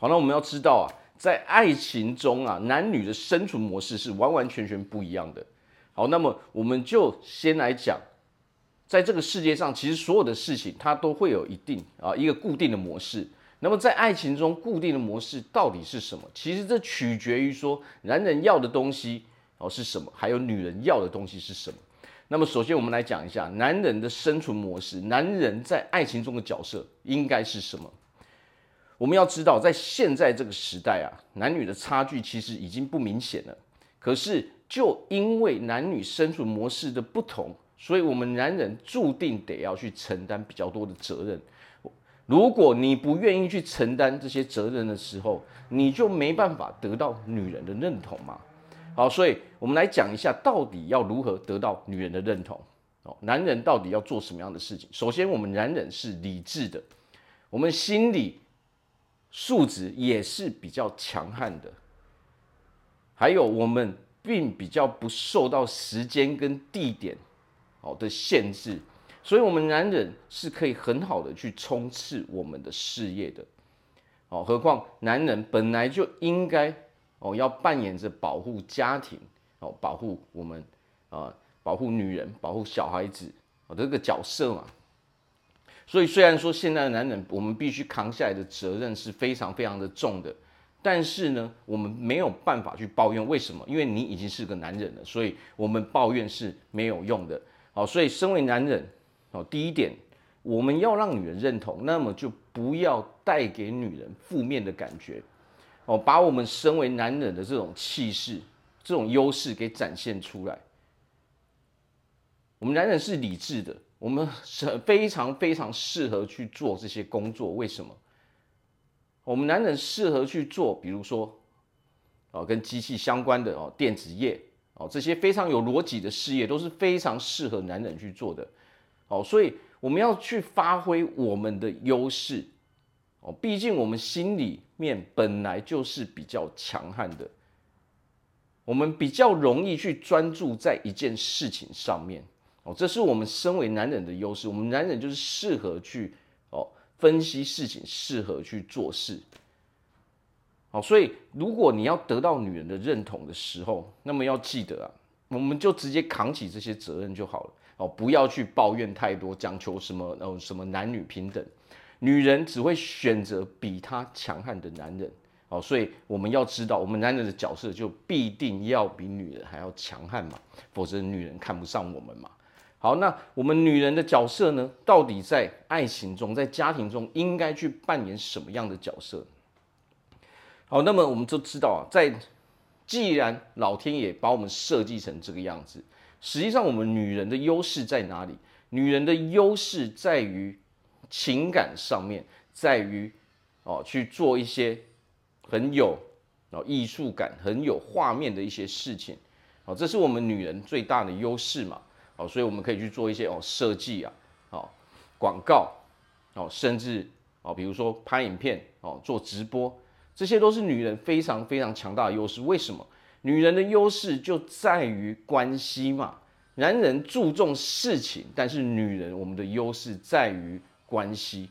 好，那我們要知道啊，在愛情中啊，男女的生存模式是完完全全不一樣的。好，那麼我們就先來講，在這個世界上，其實所有的事情它都會有一定啊一個固定的模式。那麼在愛情中，固定的模式到底是什麼？其實這取決於說男人要的東西哦，啊，是什麼？還有女人要的東西是什麼？那麼首先我們來講一下男人的生存模式，男人在愛情中的角色應該是什麼？我們要知道，在現在這個時代啊，男女的差距其實已經不明顯了。可是，就因為男女生存模式的不同，所以我們男人注定得要去承擔比較多的責任。如果你不願意去承擔這些責任的時候，你就沒辦法得到女人的認同嘛。好，所以我們來講一下，到底要如何得到女人的認同。哦，男人到底要做什麼樣的事情？首先，我們男人是理智的，我們心裡……素質也是比較強悍的，還有我們並比較不受到時間跟地點哦的限制，所以我們男人是可以很好的去衝刺我們的事業的，哦，何況男人本來就應該哦要扮演着保護家庭哦，保護我們啊，保護女人，保護小孩子的這個角色嘛。所以，雖然說現在的男人，我們必須扛下來的責任是非常非常的重的，但是呢，我們沒有辦法去抱怨，為什麼？因為你已經是個男人了，所以我們抱怨是沒有用的。好，所以身為男人，哦，第一點，我們要讓女人認同，那麼就不要帶給女人負面的感覺，哦，把我們身為男人的這種氣勢、這種優勢給展現出來。我們男人是理智的。我們是非常非常適合去做這些工作，為什麼？我們男人適合去做，比如說，哦，跟機器相關的，哦，電子業哦，這些非常有邏輯的事業，都是非常適合男人去做的。哦，所以我們要去發揮我們的優勢。哦，畢竟我們心裡面本來就是比較強悍的，我們比較容易去專注在一件事情上面。哦，這是我們身為男人的優勢。我們男人就是適合去哦分析事情，適合去做事。哦，所以如果你要得到女人的認同的時候，那麼要記得啊，我們就直接扛起這些責任就好了。哦，不要去抱怨太多，講求什麼哦、呃，什麼男女平等，女人只會選擇比她強悍的男人。哦，所以我們要知道，我們男人的角色就必定要比女人還要強悍嘛，否則女人看不上我們嘛。好，那我們女人的角色呢？到底在愛情中，在家庭中應該去扮演什麼樣的角色？好，那麼我們都知道啊，在既然老天爺把我們設計成這個樣子，實際上我們女人的優勢在哪裡？女人的優勢在於情感上面，在於哦去做一些很有哦藝術感、很有畫面的一些事情。哦，這是我們女人最大的優勢嘛。所以我們可以去做一些哦設計啊，哦，廣告哦，甚至哦，比如說拍影片哦，做直播，這些都是女人非常非常強大的優勢。為什麼？女人的優勢就在於關係嘛。男人注重事情，但是女人我們的優勢在於關係。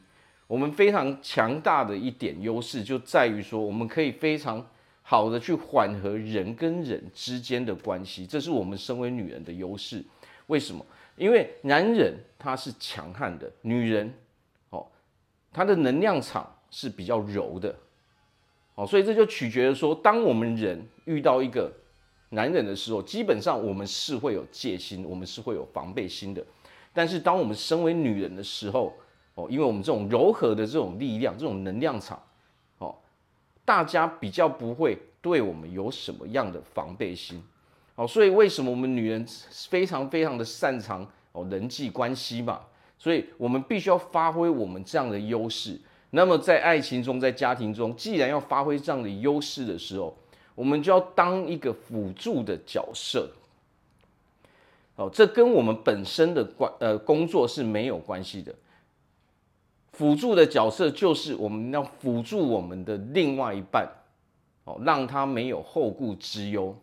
我們非常強大的一點優勢就在於說，我們可以非常好的去緩和人跟人之間的關係，這是我們身為女人的優勢。為什麼？因為男人他是強悍的，女人，哦，他的能量場是比較柔的，哦，所以這就取決於說，當我們人遇到一個男人的時候，基本上我們是會有戒心，我們是會有防備心的。但是當我們身為女人的時候，哦，因為我們這種柔和的這種力量，這種能量場，哦，大家比較不會對我們有什麼樣的防備心。哦，所以為什麼我們女人非常非常的擅長哦人際關係嘛。所以我們必須要發揮我們這樣的優勢。那麼在愛情中，在家庭中，既然要發揮這樣的優勢的時候，我們就要當一個輔助的角色。哦，這跟我們本身的關呃工作是沒有關係的。輔助的角色就是我們要輔助我們的另外一半，哦，讓他沒有後顧之憂。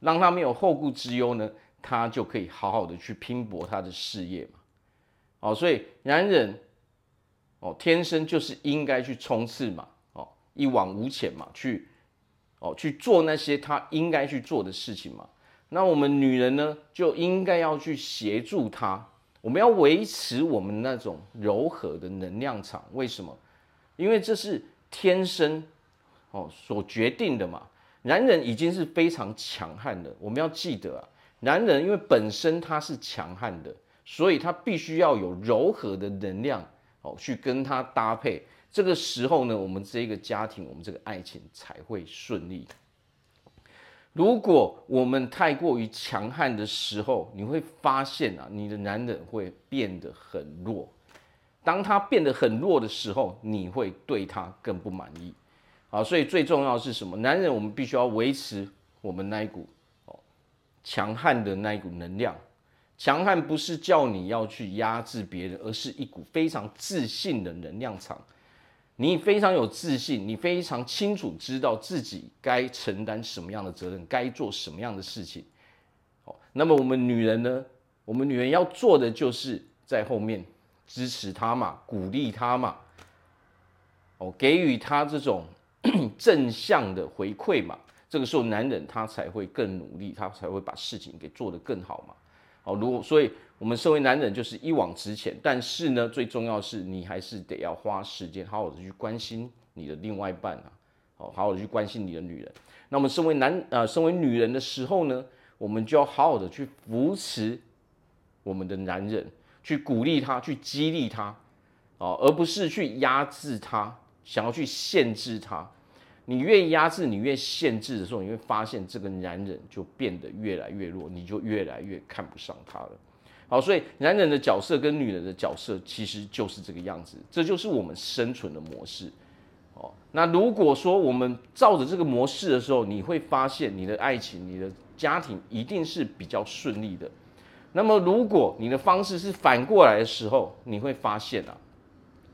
讓他沒有後顧之憂呢，他就可以好好的去拼搏他的事業嘛。哦，所以男人，哦，天生就是應該去衝刺嘛，哦，一往無前嘛，去，哦，去做那些他應該去做的事情嘛。那我們女人呢，就應該要去協助他，我們要維持我們那種柔和的能量場。為什麼？因為這是天生，哦，所決定的嘛。男人已經是非常強悍的，我們要記得啊，男人因為本身他是強悍的，所以他必須要有柔和的能量哦，去跟他搭配。這個時候呢，我們這個家庭，我們這個愛情才會順利。如果我們太過於強悍的時候，你會發現啊，你的男人會變得很弱。當他變得很弱的時候，你會對他更不滿意。好，所以最重要的是什麼？男人，我們必須要維持我們那一股哦，強悍的那一股能量。強悍不是叫你要去壓制別人，而是一股非常自信的能量場。你非常有自信，你非常清楚知道自己該承擔什麼樣的責任，該做什麼樣的事情。好，那麼我們女人呢？我們女人要做的就是在後面支持他嘛，鼓勵他嘛，哦，給予他這種。正向的回饋嘛，這個時候男人他才會更努力，他才會把事情給做得更好嘛。好，如果所以，我們身為男人就是一往直前，但是呢，最重要是你還是得要花時間，好好的去關心你的另外一半啊，好好的去關心你的女人。那麼身為男啊、呃，身為女人的時候呢，我們就要好好的去扶持我們的男人，去鼓勵他，去激勵他，啊、哦，而不是去壓制他，想要去限制他。你越壓制，你越限制的時候，你會發現這個男人就變得越來越弱，你就越來越看不上他了。好，所以男人的角色跟女人的角色其實就是這個樣子，這就是我們生存的模式。哦，那如果說我們照着這個模式的時候，你會發現你的愛情、你的家庭一定是比較順利的。那麼，如果你的方式是反過來的時候，你會發現啊，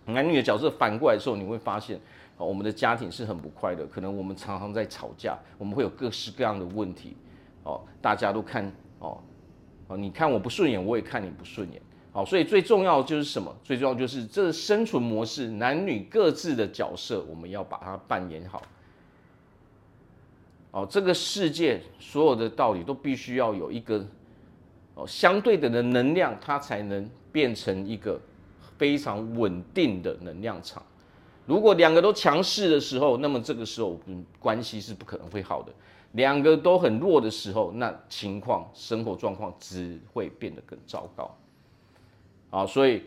男女的角色反過來的時候，你會發現。哦，我們的家庭是很不快樂，可能我們常常在吵架，我們會有各式各樣的問題，哦，大家都看，哦，哦，你看我不順眼，我也看你不順眼，哦，所以最重要的就是什麼？最重要就是這生存模式，男女各自的角色，我們要把它扮演好。哦，這個世界所有的道理都必須要有一個，哦，相對等的能量，它才能變成一個非常穩定的能量場。如果兩個都強勢的時候，那麼這個時候，嗯，關係是不可能會好的。兩個都很弱的時候，那情況，生活狀況只會變得更糟糕。好，所以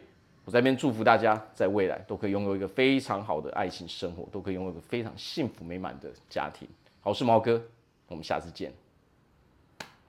我在這邊祝福大家，在未來都可以擁有一個非常好的愛情生活，都可以擁有一個非常幸福美滿的家庭。好，我是毛哥，我們下次見。